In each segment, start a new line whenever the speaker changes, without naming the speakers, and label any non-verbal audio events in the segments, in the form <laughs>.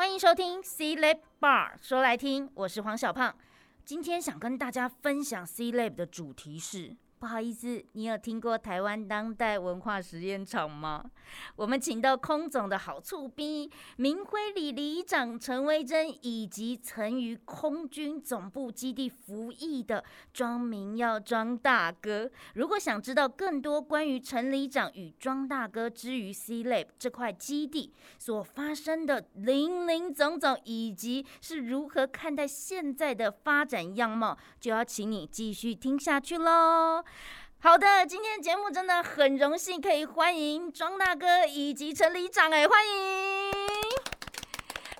歡迎收聽《C-LABar》，說來聽，我是黃小胖。今天想跟大家分享 C-LAB 的主題是。不好意思，你有聽過臺灣當代文化實驗場嗎？我們請到空總的好厝邊，明輝里里長陳威珍以及曾於空軍總部基地服役的莊明耀莊大哥。如果想知道更多關於陳里長與莊大哥之於 C Lab 這塊基地所發生的林林總總，以及是如何看待現在的發展樣貌，就要請你繼續聽下去嘍。好的，今天節目真的很榮幸可以歡迎莊大哥以及陳里長，哎，歡迎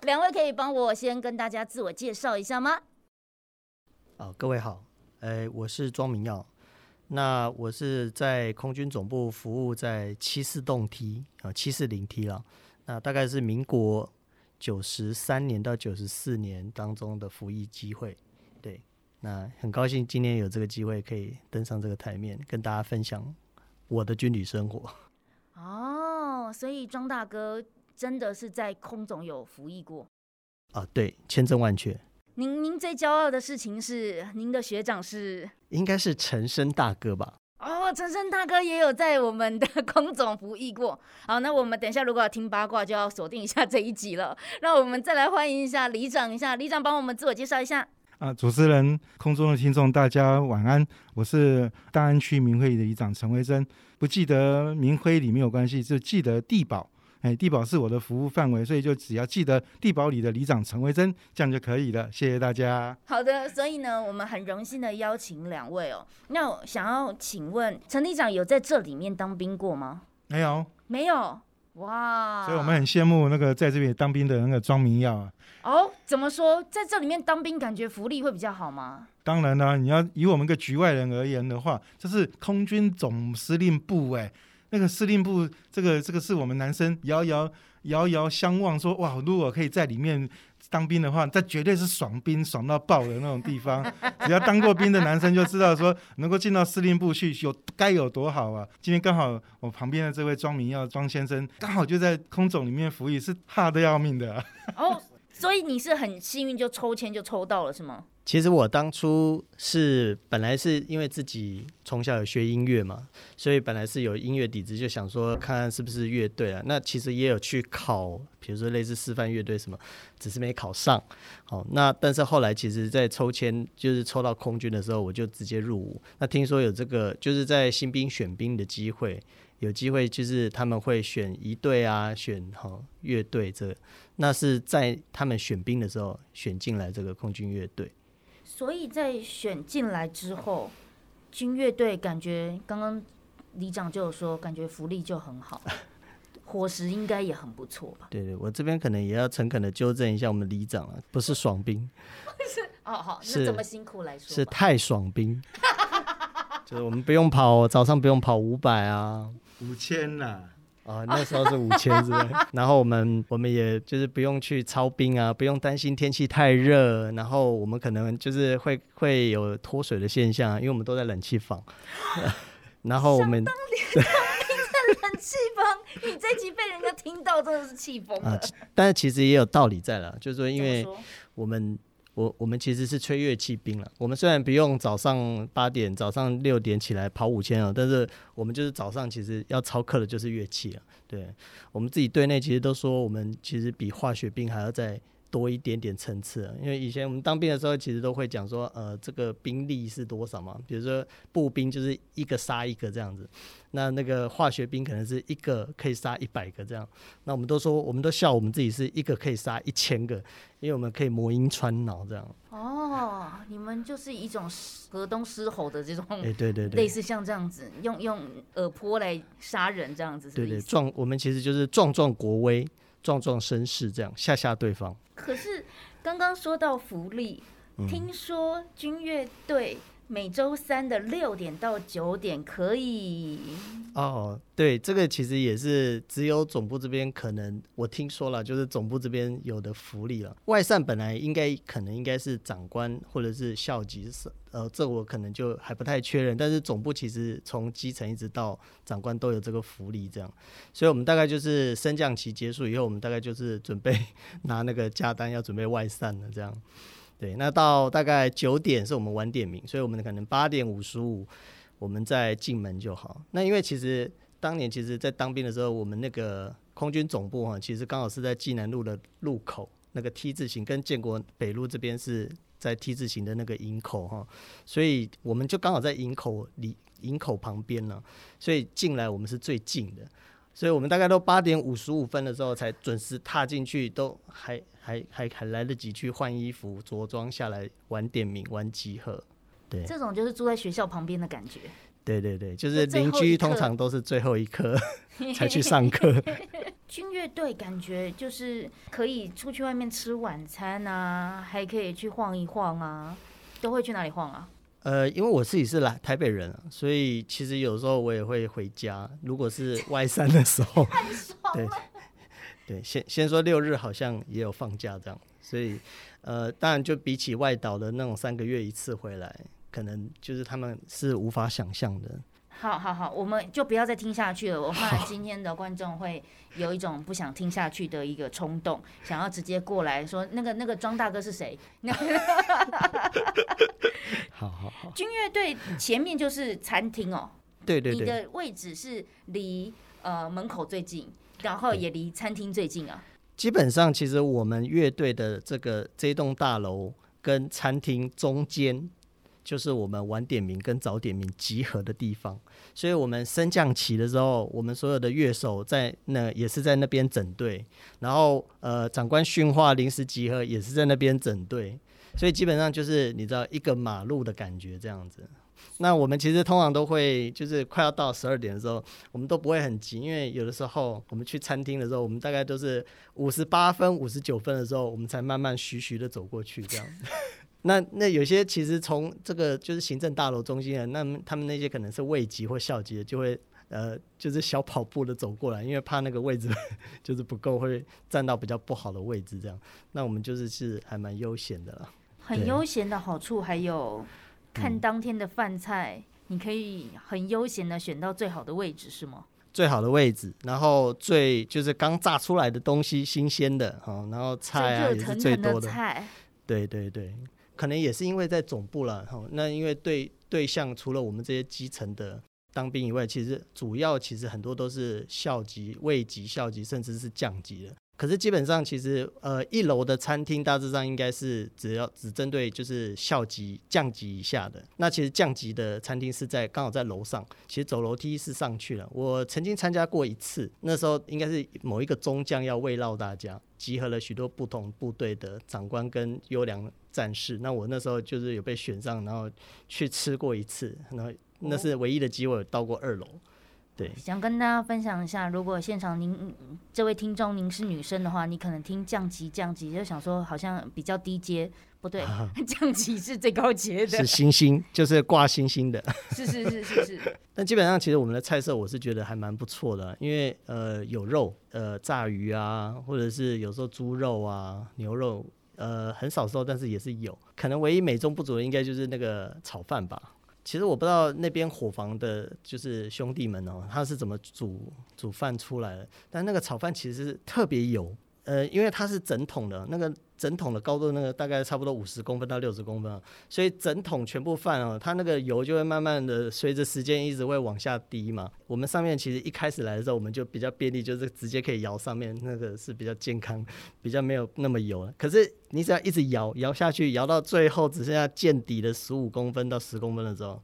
兩位，可以幫我先跟大家自我介紹一下嗎？
啊、哦，各位好，哎、欸，我是莊明耀，那我是在空軍總部服務在七四洞梯啊，七四零梯了，那大概是民國九十三年到九十四年當中的服役機會，對。那很高興今天有這個機會可以登上這個台面，跟大家分享我的軍旅生活。
哦，所以莊大哥真的是在空總有服役過。
啊，對，千真萬確。
您您最驕傲的事情是，您的學長是？
應該是陳生大哥吧？
哦，陳生大哥也有在我們的空總服役過。好，那我們等一下如果要聽八卦，就要鎖定一下這一集了。讓我們再來歡迎一下里長一下，里長幫我們自我介紹一下。
啊，主持人，空中的聽眾，大家晚安。我是大安區民會的里長陳維珍，不記得民會里沒有關係，就記得帝寶。哎，帝寶是我的服務範圍，所以就只要記得帝寶里的里長陳維珍，這樣就可以了。謝謝大家。
好的，所以呢，我們很榮幸的邀請兩位哦。那我想要請問，陳里長有在這裡面當兵過嗎？沒有，沒有。哇！Wow, 所以我
們很羨慕那個在這邊當兵的那個莊明耀啊。
哦，oh, 怎麼說在這裡面當兵，感覺福利會比較好嗎？
當然啦、啊，你要以我們個局外人而言的話，這、就是空軍總司令部哎、欸，那個司令部，這個這個是我們男生遙遙遙遙相望，說哇，如果可以在裡面，當兵的話，這絕對是爽兵，爽到爆的那種地方。 <laughs> 只要當過兵的男生就知道，說能夠進到司令部去，有該有多好啊！今天剛好我旁邊的這位莊明耀莊先生，剛好就在空總裡面服
役，是怕得要命的、啊。
Oh. 所以你是很幸運，就抽籤就抽到了，是嗎？
其實我當初是本來是因為自己從小有學音樂嘛，所以本來是有音樂底子，就想說看看是不是樂隊啊。那其實也有去考，比如說類似示範樂隊什麼，只是沒考上。好，那但是後來其實，在抽籤就是抽到空軍的時候，我就直接入伍。那聽說有這個，就是在新兵選兵的機會。有機會就是他們會選一隊啊，選好樂隊這個，那是在他們選兵的時候選進來這個空軍樂隊。
所以在選進來之後，軍樂隊感覺剛剛里長就說，感覺福利就很好，伙食 <laughs> 應該也很不錯吧？
對，對對，我這邊可能也要誠懇的糾正一下我們里長啊，不是爽兵，
<laughs> 是哦好，是這麼辛苦來說是，是
太爽兵， <laughs> 就是我們不用跑，早上不用跑五百啊。
五千吶，啊，那時候是五千是、是，是吧？
然後我們我們也就是不用去操兵啊，不用擔心天氣太熱，然後我們可能就是會會有脫水的現象、啊，因為我們都在冷氣房、 <laughs> 啊。然後我們當，你
當的冷氣房， <laughs> 你這集被人家聽到真的都是氣瘋了。
但是、啊、其實也有道理在了，就是說因為我們。.我我們其實是吹樂器兵了，我們雖然不用早上八點、早上六點起來跑五千啊，但是我們就是早上其實要操課的就是樂器啊。對，我們自己隊內其實都說，我們其實比化學兵還要在。多一點點層次啊，因為以前我們當兵的時候，其實都會講說，呃，這個兵力是多少嘛？比如說步兵就是一個殺一個這樣子，那那個化學兵可能是一個可以殺一百個這樣，那我們都說，我們都笑我們自己是一個可以殺一千個，因為我們可以魔音穿腦這樣。
哦，你們就是一種河東獅吼的這種，哎，對對對，類似像這樣子，欸、對對對用用耳坡來殺人這樣子是不是？
對，對對，壯，我們其實就是壯壯國威。壯壯聲勢，這樣嚇嚇對方。
可是剛剛說到福利，嗯、聽說軍樂隊。每週三的六點到九點可以。
哦，oh, 對，這個其實也是只有總部這邊可能我聽說了，就是總部這邊有的福利了。外散本來應該可能應該是長官或者是校級，呃，這個、我可能就還不太確認。但是總部其實從基層一直到長官都有這個福利，這樣。所以我們大概就是升降旗結束以後，我們大概就是準備 <laughs> 拿那個假單要準備外散了，這樣。對，那到大概九點是我們晚點名，所以我們可能八點五十五，我們再進門就好。那因為其實當年其實在當兵的時候，我們那個空軍總部哈，其實剛好是在濟南路的路口那個 T 字形，跟建國北路這邊是在 T 字形的那個營口哈，所以我們就剛好在營口裡營口旁邊了，所以進來我們是最近的，所以我們大概都八點五十五分的時候才準時踏進去，都還。還還還來得及去換衣服，着裝下來，晚點名、晚集合。對，這
種就是住在學校旁邊的感覺。
對對對，就是鄰居，通常都是最後一刻 <laughs> 才去上課。
軍 <laughs> 樂隊感覺就是可以出去外面吃晚餐啊，還可以去晃一晃啊，都會去哪裡晃啊？
呃，因為我自己是來台北人啊，所以其實有時候我也會回家。如果是 Y 三的時候， <laughs> 耶對。對，先先說六日好像也有放假這樣，所以，呃，當然就比起外島的那種三個月一次回來，可能就是他們是無法想象的。
好好好，我們就不要再聽下去了，我怕今天的觀眾會有一種不想聽下去的一個衝動， <laughs> 想要直接過來說那個那個莊大哥是誰？ <laughs> <laughs> 好好好，軍樂隊前面就是餐廳哦、喔，對對對，你的位置是離呃門口最近。然後也離餐廳最近啊。嗯，
基本上，其實我們樂隊的這個這棟大樓跟餐廳中間，就是我們晚點名跟早點名集合的地方。所以我們升降旗的時候，我們所有的樂手在那也是在那邊整隊。然後呃，長官訓話臨時集合也是在那邊整隊。所以基本上就是你知道一個馬路的感覺這樣子。那我們其實通常都會，就是快要到十二點的時候，我們都不會很急，因為有的時候我們去餐廳的時候，我們大概都是五十八分、五十九分的時候，我們才慢慢徐徐的走過去這樣。 <laughs> 那那有些其實從這個就是行政大樓中心的，那他們，他們那些可能是尉級或校級的，就會呃就是小跑步的走過來，因為怕那個位置 <laughs> 就是不夠，會站到比較不好的位置這樣。那我們就是是還蠻悠閒的了。很悠
閒的好處還有。看當天的飯菜，你可以很悠閒的選到最好的位置，是嗎？
最好的位置，然後最就是剛炸出來的東西新的，新鮮的，然後菜啊也是最多的。熱騰騰的菜。對對對，可能也是因為在總部了，那因為對對象除了我們這些基層的當兵以外，其實主要其實很多都是校級、尉級、校級，甚至是將級的。可是基本上，其實呃，一樓的餐廳大致上應該是只要只針對就是校級將級以下的。那其實將級的餐廳是在剛好在樓上，其實走樓梯是上去了。我曾經參加過一次，那時候應該是某一個中將要慰勞大家，集合了許多不同部隊的長官跟優良戰士。那我那時候就是有被選上，然後去吃過一次，那那是唯一的機會到過二樓。
對想跟大家分享一下，如果現場您這位聽眾您是女生的話，你可能聽將級將級，就想說好像比較低階，不對，將級、啊、 <laughs> 是最高級的，是星
星，就是掛星星的， <laughs> 是，
是是是是
是。但 <laughs> 基本上其實我們的菜色我是覺得還蠻不錯的，因為呃有肉，呃炸魚啊，或者是有時候豬肉啊牛肉，呃很少時候，但是也是有可能，唯一美中不足的應該就是那個炒飯吧。其實我不知道那邊伙房的就是兄弟們哦，他是怎麼煮煮飯出來的，但那個炒飯其實是特別油。呃，因為它是整桶的，那個整桶的高度那個大概差不多五十公分到六十公分啊，所以整桶全部放啊，它那個油就會慢慢的隨着時間一直會往下滴嘛。我們上面其實一開始來的時候，我們就比較便利，就是直接可以搖上面，那個是比較健康，比較沒有那麼油。可是你只要一直搖，搖下去，搖到最後只剩下見底的十五公分到十公分的時候。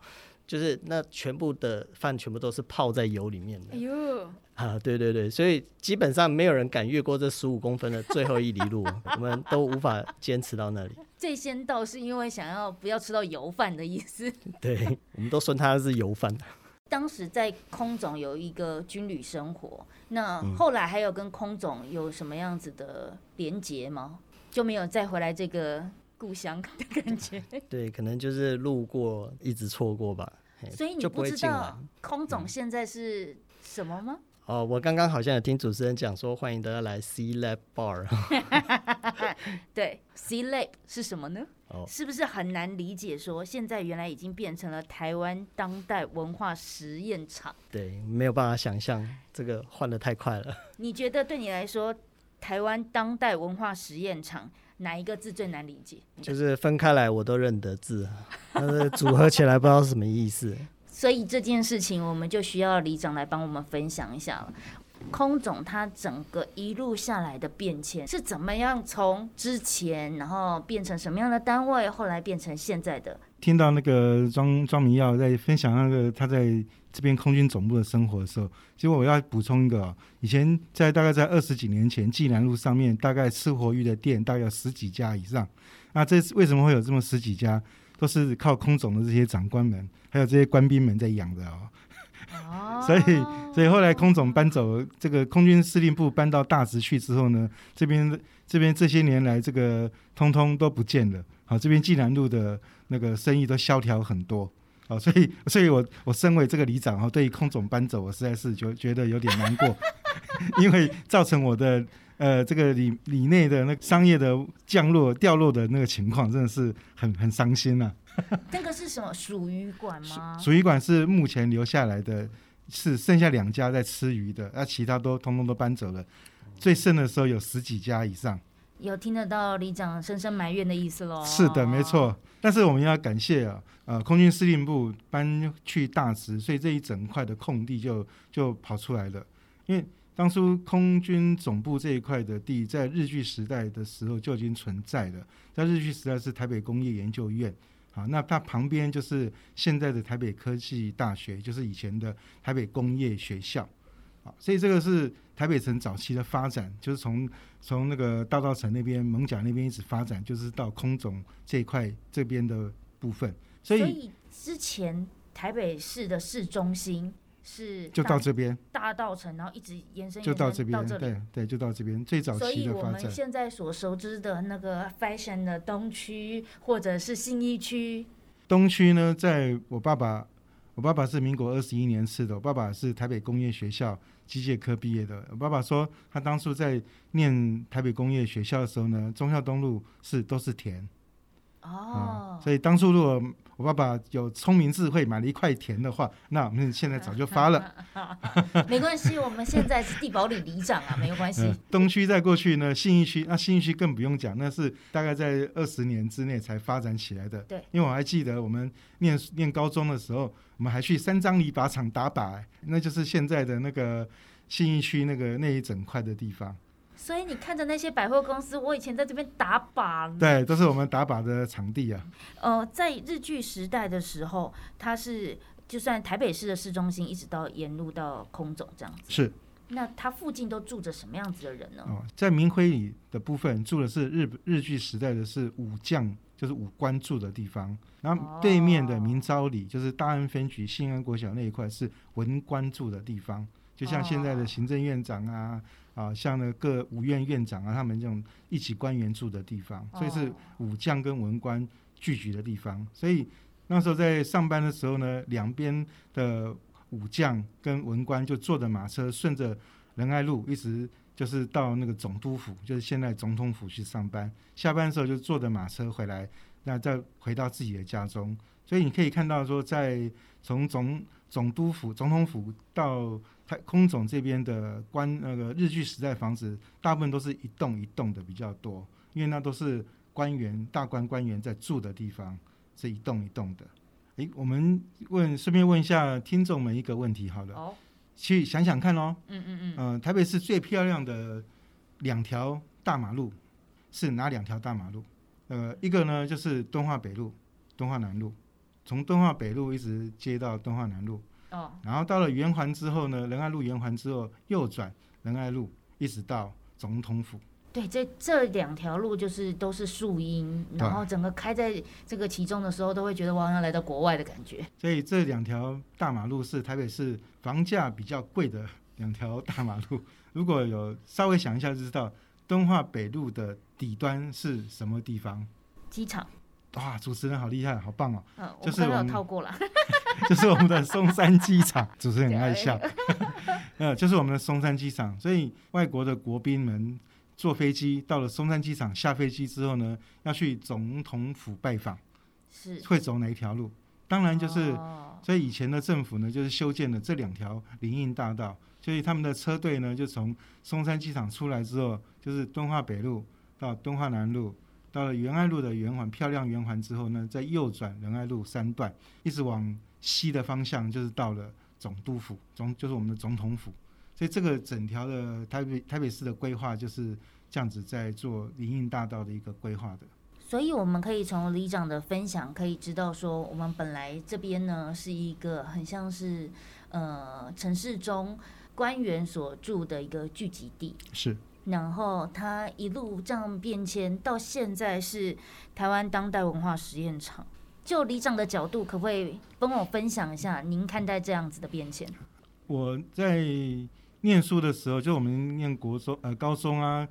就是那全部的飯全部都是泡在油裡面的。哎呦，啊，對對對，所以基本上沒有人敢越過這十五公分的最後一里路， <laughs> 我們都無法堅持到那裡。
最先倒是因為想要不要吃到油飯的意思。
對，我們都說他是油飯。
<laughs> 當時在空總有一個軍旅生活，那後來還有跟空總有什麼樣子的連結嗎？就沒有再回來這個。故鄉的感覺，
對，可能就是路過，一直錯過吧。所以你不知道
空總現在是什麼嗎？嗯、
哦，我剛剛好像有聽主持人講說，歡迎大家來 C Lab Bar。
<laughs> 對，C Lab 是什麼呢？哦、是不是很難理解？說現在原來已經變成了台灣當代文化實驗場。
對，沒有辦法想象，這個換得太快了。
你覺得對你來說，台灣當代文化實驗場？哪一個字最難理解？就
是分開來我都認得字， <laughs> 但是組合起來不知道什麼意思。
<laughs> 所以這件事情我們就需要里長來幫我們分享一下了。空總他整個一路下來的變遷是怎麼樣？從之前然後變成什麼樣的單位，後來變成現在的。
聽到那個莊莊明耀在分享那個他在這邊空軍總部的生活的時候，其實我要補充一個哦，以前在大概在二十幾年前，濟南路上面大概吃活魚的店大概有十幾家以上。那這為什麼會有這麼十幾家？都是靠空總的這些長官們，還有這些官兵們在養的哦。 <noise> 所以所以後來空總搬走，這個空軍司令部搬到大直去之後呢，這邊這邊這些年來，這個通通都不見了，好、哦，這邊濟南路的那個生意都蕭條很多，好、哦，所以所以我我身為這個里長，哈、哦，對於空總搬走，我實在是就覺得有點難過， <laughs> 因為造成我的呃這個里里內的那個商業的降落掉落的那個情況，真的是很很傷心了、啊。
那 <laughs> 個是什麼？熟魚館嗎屬？熟
魚館是目前留下來的是剩下兩家在吃魚的，那、啊、其他都通通都搬走了。哦、最盛的時候有十幾家以上，
有聽得到里長深深埋怨的意思嘍。是的，
沒錯。哦、但是我們要感謝啊，呃、啊，空軍司令部搬去大直，所以這一整塊的空地就就跑出來了。因為當初空軍總部這一塊的地，在日據時代的時候就已經存在了，在日據時代是台北工業研究院。好，那它旁邊就是現在的台北科技大學，就是以前的台北工業學校。好，所以這個是台北城早期的發展，就是從從那個大稻，稻埕那邊、艋舺那邊一直發展，就是到空總這一塊這邊的部分。所以，
所以之前台北市的市中心。是就到這邊大稻埕，然後一直延伸，延伸，就到這邊到這裡對，
對，就到這邊最早期的發展。所以我們現
在所熟知的那個 Fashion 的東區或者是信義區。
東區呢，在我爸爸，我爸爸是民國二十一年次的，我爸爸是台北工業學校機械科畢業的。我爸爸說，他當初在念台北工業學校的時候呢，忠孝東路是都是田。哦、oh. 嗯，所以當初如果我爸爸有聰明智慧買了一塊田的話，那我們現在早就發了。 <laughs> <laughs> 沒關
係，我們現在是地堡里里長啊，沒有關
係， <laughs> 嗯。東區在過去呢，信義區，那、啊、信義區更不用講，那是大概在二十年之內才發展起來的。對，因為我還記得我們念念高中的時候，我們還去三張犁靶場打靶，欸，那就是現在的那個信義區那個那一整塊的地方。
所以你看着那些百貨公司，我以前在這邊打靶了，對，
都是我們打靶的場地啊。
<laughs> 呃，在日據時代的時候，它是就算台北市的市中心，一直到沿路到空總這樣子。是。那它附近都住着什麼樣子的人呢？哦，
在明輝里的部分住的是日日據時代的是武將，就是武官住的地方。然後對面的明昭里、哦、就是大安分局、新安國小那一塊是文官住的地方。就像現在的行政院長啊，啊，像那個五院院長啊，他們這種一級官員住的地方，所以是武將跟文官聚集的地方。所以那時候在上班的時候呢，兩邊的武將跟文官就坐着馬車，順着仁愛路一直就是到那個總督府，就是現在總統府去上班。下班的時候就坐着馬車回來，那再回到自己的家中。所以你可以看到說在，在從總總督府、總統府到太空總這邊的官那個日據時代房子，大部分都是一棟一棟的比較多，因為那都是官員大官官員在住的地方，是一棟一棟的。誒、欸，我們問順便問一下聽眾們一個問題，好了，去想想看哦。嗯嗯嗯。呃，台北市最漂亮的兩條大馬路是哪兩條大馬路？呃，一個呢就是敦化北路、敦化南路。從敦化北路一直接到敦化南路，哦，oh. 然後到了圓環之後呢，仁愛路圓環之後右轉仁愛路，一直到總統府。
對，這這兩條路就是都是樹蔭，對然後整個開在這個其中的時候，都會覺得哇，像來到國外的感覺。
所以這兩條大馬路是台北市房價比較貴的兩條大馬路。如果有稍微想一下就知道，敦化北路的底端是什麼地方？
機場。
哇，主持人好厲害，好棒哦！嗯、就是我們，就是我們的松山機場，主持人很愛笑。呃，就是我們的松山機場，所以外國的國賓們坐飛機到了松山機場，下飛機之後呢，要去總統府拜訪，是會走哪一條路？當然就是，哦、所以以前的政府呢，就是修建了這兩條林蔭大道，所以他們的車隊呢，就從松山機場出來之後，就是敦化北路到敦化南路。到了仁愛路的圓環，漂亮圓環之後呢，再右轉仁愛路三段，一直往西的方向，就是到了總督府，總就是我們的總統府。所以這個整條的台北台北市的規劃就是這樣子在做林蔭大道的一個規劃的。
所以我們可以從里長的分享可以知道，說我們本來這邊呢是一個很像是呃城市中官員所住的一個聚集地。是。然後他一路這樣變遷到現在是台灣當代文化實驗場。就里長的角度，可不可以幫我分享一下您看待這樣子的變遷？
我在念書的時候，就我們念國中、呃高中啊、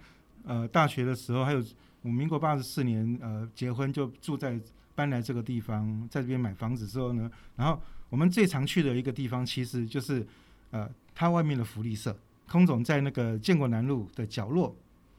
呃大學的時候，還有我民國八十四年呃結婚就住在搬來這個地方，在這邊買房子之後呢，然後我們最常去的一個地方，其實就是呃它外面的福利社。空總在那個建國南路的角落，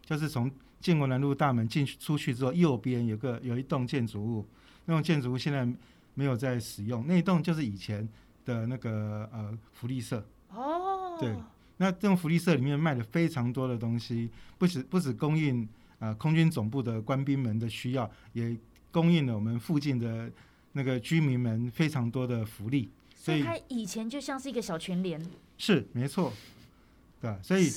就是從建國南路大門進去出去之後，右邊有個有一棟建築物，那棟建築物現在沒有在使用，那一棟就是以前的那個呃福利社。
哦。Oh. 對，
那這種福利社裡面賣了非常多的東西，不止不止供應啊、呃、空軍總部的官兵們的需要，也供應了我們附近的那個居民們非常多的福利。所以它以、
以前就像是一個小全聯，
是，沒錯。對啊，所以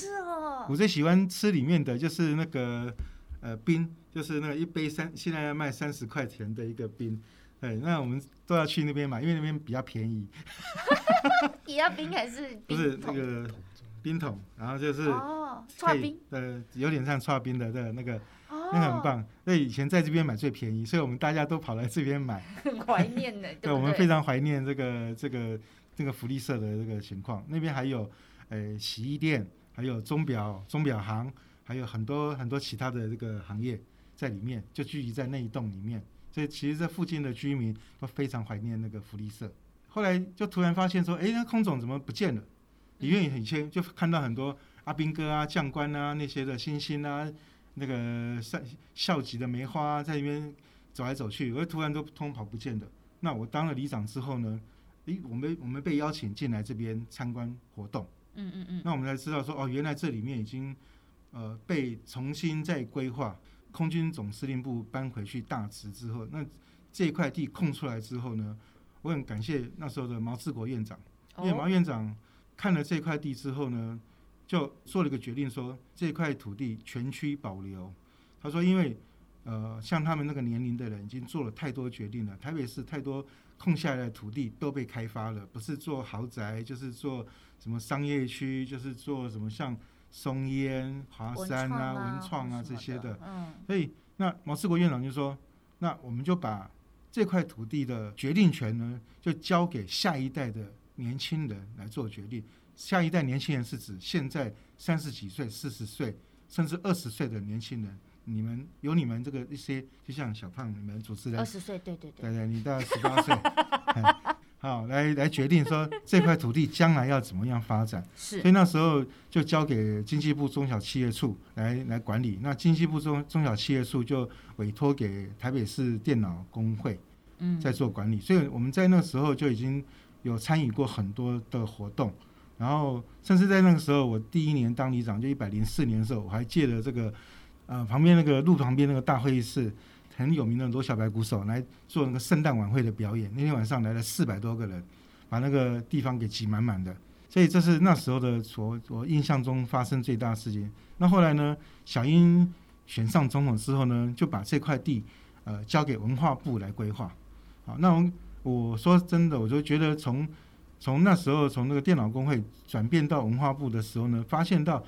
我最喜歡吃裡面的就是那個是、哦、呃冰，就是那個一杯三，現在要賣三十塊錢的一個冰。對，那我們都要去那邊買，因為那邊比較便宜。也
<laughs> <laughs> 要冰還是冰？不
是那個冰桶，然後就是哦，刷冰，呃，有點像刷冰的那個那個，
哦、那個很棒。
那以，以前在這邊買最便宜，所以我們大家都跑來這邊買，
懷 <laughs> 對念的，對，對，對，我們非常
懷念這個這個這個福利社的這個情況。那邊還有。呃，洗衣店，還有鐘錶鐘錶行，還有很多很多其他的這個行業在裡面，就聚集在那一棟裡面。所以其實這附近的居民都非常懷念那個福利社。後來就突然發現說，哎，那空總怎麼不見了？裡面以前就看到很多阿兵哥啊、將官啊那些的星星啊，那個校級的梅花啊，在那邊走來走去，而突然都通通跑不見了。那我當了里長之後呢，誒，我們我們被邀請進來這邊參觀活動。嗯嗯嗯，那我們才知道說哦，原來這裡面已經呃被重新再規劃，空軍總司令部搬回去大直之後，那這塊地空出來之後呢，我很感謝那時候的毛治國院長，因為毛院長看了這塊地之後呢，就做了個決定說這塊土地全區保留，他說因為呃像他們那個年齡的人已經做了太多決定了，台北市太多。空下來的土地都被開發了，不是做豪宅，就是做什麼商業區，就是做什麼像松菸、華山啊、文創啊,文創啊這些的。的嗯，所以那毛治國院長就說：“那我們就把這塊土地的決定權呢，就交給下一代的年輕人來做決定。下一代年輕人是指現在三十幾歲、四十歲，甚至二十歲的年輕人。”你們有你們這個一些，就像小胖你們主持人，二十歲，
對對對，對對，
你到十八歲，好來來決定說這塊土地將來要怎麼樣發展，是，所以那時候就交給經濟部中小企業處來來管理，那經濟部中中小企業處就委託給台北市電腦公會，嗯，在做管理，所以我們在那時候就已經有參與過很多的活動，然後甚至在那個時候，我第一年當里長就一百零四年的時候，我還借了這個。呃，旁邊那個路旁邊那個大會議室，很有名的羅小白鼓手來做那個聖誕晚會的表演。那天晚上來了四百多個人，把那個地方給擠滿滿的。所以這是那時候的，所我，我印象中發生最大的事件。那後來呢，小英選上總統之後呢，就把這塊地呃交給文化部來規劃。好，那我我說真的，我就覺得從從那時候從那個電腦工會轉變到文化部的時候呢，發現到。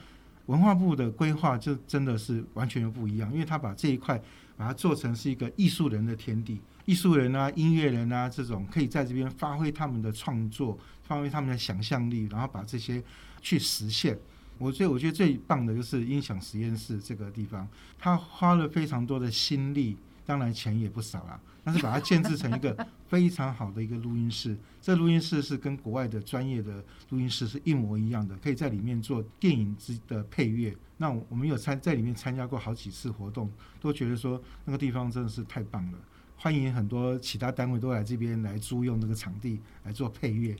文化部的規劃就真的是完全不一樣，因為他把這一塊把它做成是一個藝術人的天地，藝術人啊、音樂人啊這種可以在這邊發揮他們的創作，發揮他們的想象力，然後把這些去實現。我最我覺得最棒的就是音響實驗室這個地方，他花了非常多的心力。當然錢也不少啦、啊，但是把它建置成一個非常好的一個錄音室。這錄音室是跟國外的專業的錄音室是一模一樣的，可以在裡面做電影之的配樂。那我們有參在裡面參加過好幾次活動，都覺得說那個地方真的是太棒了。歡迎很多其他單位都來這邊來租用那個場地來做配樂。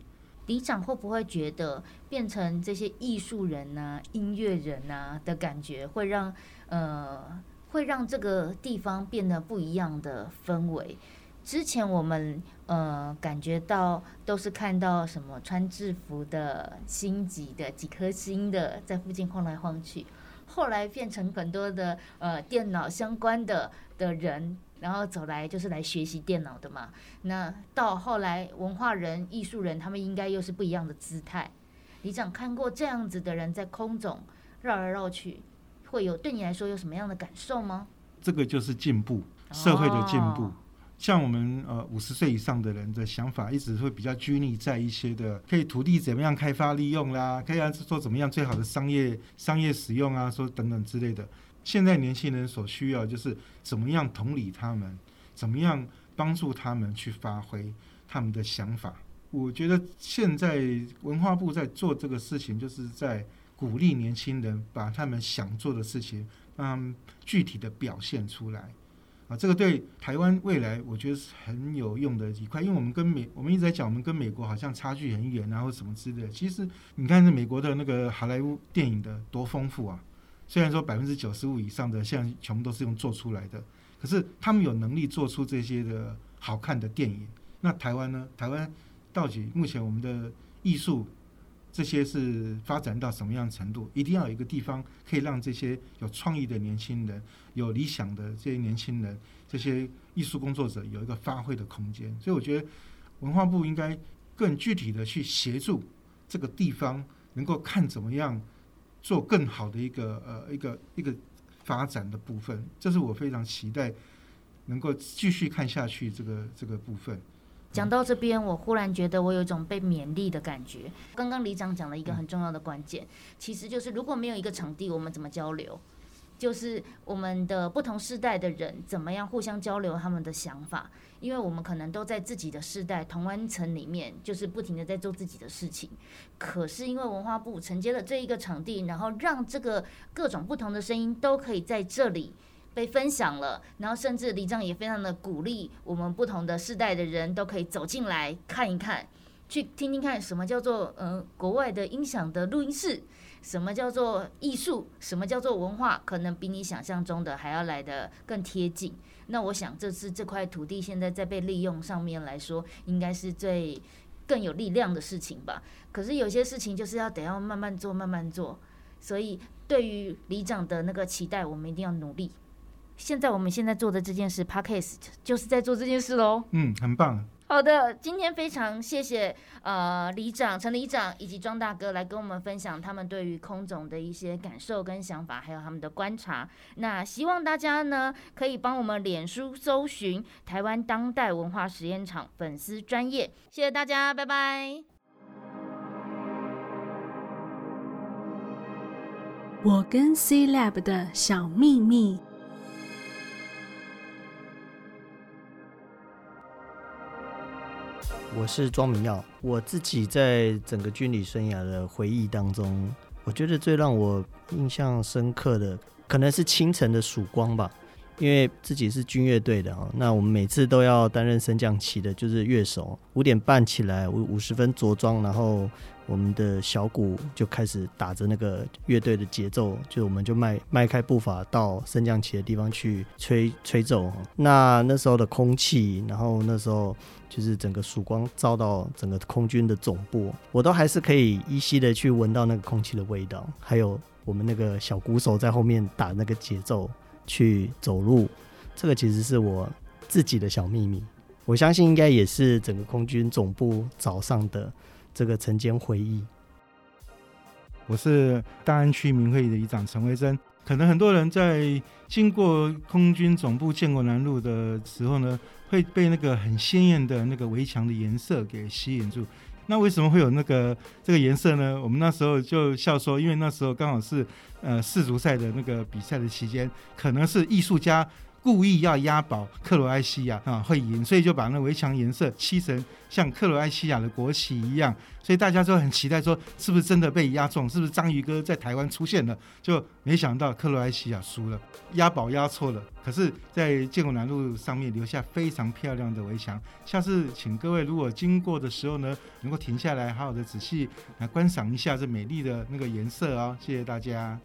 里長會不會覺得變成這些藝術人吶、啊、音樂人吶、啊、的感覺，會讓呃？會讓這個地方變得不一樣的氛圍。之前我們呃感覺到都是看到什麼穿制服的、星級的、幾顆星的在附近晃來晃去，後來變成很多的呃電腦相關的的人，然後走來就是來學習電腦的嘛。那到後來文化人、藝術人，他們應該又是不一樣的姿態。你想看過這樣子的人在空總繞來繞去，會有對你來說有什麼樣的感受嗎？
這個就是進步，社會的進步。Oh. 像我們呃五十歲以上的人的想法，一直會比較拘泥在一些的，可以土地怎麼樣開發利用啦，可以做怎麼樣最好的商業商業使用啊，說等等之類的。現在年輕人所需要就是怎麼樣同理他們，怎麼樣幫助他們去發揮他們的想法。我覺得現在文化部在做這個事情，就是在。鼓勵年輕人把他們想做的事情，嗯，具體的表現出來，啊，這個對台灣未來我覺得是很有用的一塊。因為我們跟美，我們一直在講，我們跟美國好像差距很遠啊，或什麼之類的。其實你看，這美國的那個好萊塢電影的多豐富啊！雖然說百分之九十五以上的現在全部都是用做出來的，可是他們有能力做出這些的好看的電影。那台灣呢？台灣到底目前我們的藝術這些是發展到什麼樣程度，一定要有一個地方可以讓這些有創意的年輕人、有理想的這些年輕人、這些藝術工作者有一個發揮的空間。所以，我覺得文化部應該更具體的去協助這個地方，能夠看怎麼樣做更好的一個呃一個一個發展的部分。這是我非常期待能夠繼續看下去這個這個部分。
講到這邊，我忽然覺得我有一種被勉勵的感覺。剛剛里長講了一個很重要的關鍵，其實就是如果沒有一個場地，我們怎麼交流？就是我們的不同世代的人怎麼樣互相交流他們的想法？因為我們可能都在自己的世代同安城裡面，就是不停地在做自己的事情。可是因為文化部承接了這一個場地，然後讓這個各種不同的聲音都可以在這裡。被分享了，然後甚至里長也非常的鼓勵我們不同的世代的人都可以走進來看一看，去聽聽看什麼叫做嗯、呃，國外的音響的錄音室，什麼叫做藝術，什麼叫做文化，可能比你想象中的還要來得更貼近。那我想這次這塊土地現在在被利用上面來說，應該是最更有力量的事情吧。可是有些事情就是要得要慢慢做，慢慢做。所以對於里長的那個期待，我們一定要努力。現在我們現在做的這件事，Podcast，就是在做這件事嘍。嗯，很棒。好的，今天非常謝謝呃里長、陳里長以及莊大哥來跟我們分享他們對於空總的一些感受跟想法，還有他們的觀察。那希望大家呢可以幫我們臉書搜尋臺灣當代文化實驗場粉絲專業。謝謝大家，拜拜。我跟 C Lab 的小秘密。
我是莊明耀，我自己在整個軍旅生涯的回憶當中，我覺得最讓我印象深刻的可能是清晨的曙光吧，因為自己是軍樂隊的啊，那我們每次都要擔任升降旗的，就是樂手，五點半起來，五五十分着裝，然後。我們的小鼓就開始打着那個樂隊的節奏，就我們就邁邁開步伐到升降旗的地方去吹吹奏。那那時候的空氣，然後那時候就是整個曙光照到整個空軍的總部，我都還是可以依稀的去聞到那個空氣的味道，還有我們那個小鼓手在後面打那個節奏去走路。這個其實是我自己的小祕密，我相信應該也是整個空軍總部早上的。這個城建回憶，
我是大安區民會的議長陳維珍。可能很多人在經過空軍總部建國南路的時候呢，會被那個很鮮艷的那個圍牆的顏色給吸引住。那為什麼會有那個這個顏色呢？我們那時候就笑說，因為那時候剛好是呃世足賽的那個比賽的期間，可能是藝術家，故意要押寶克羅埃西亞啊會贏，所以就把那圍牆顏色漆成像克羅埃西亞的國旗一樣，所以大家都很期待說是不是真的被押中，是不是章魚哥在台灣出現了？就沒想到克羅埃西亞輸了，押寶押錯了。可是，在建國南路上面留下非常漂亮的圍牆，下次請各位如果經過的時候呢，能夠停下來好好的仔細來觀賞一下這美麗的那個顏色哦。謝謝大家。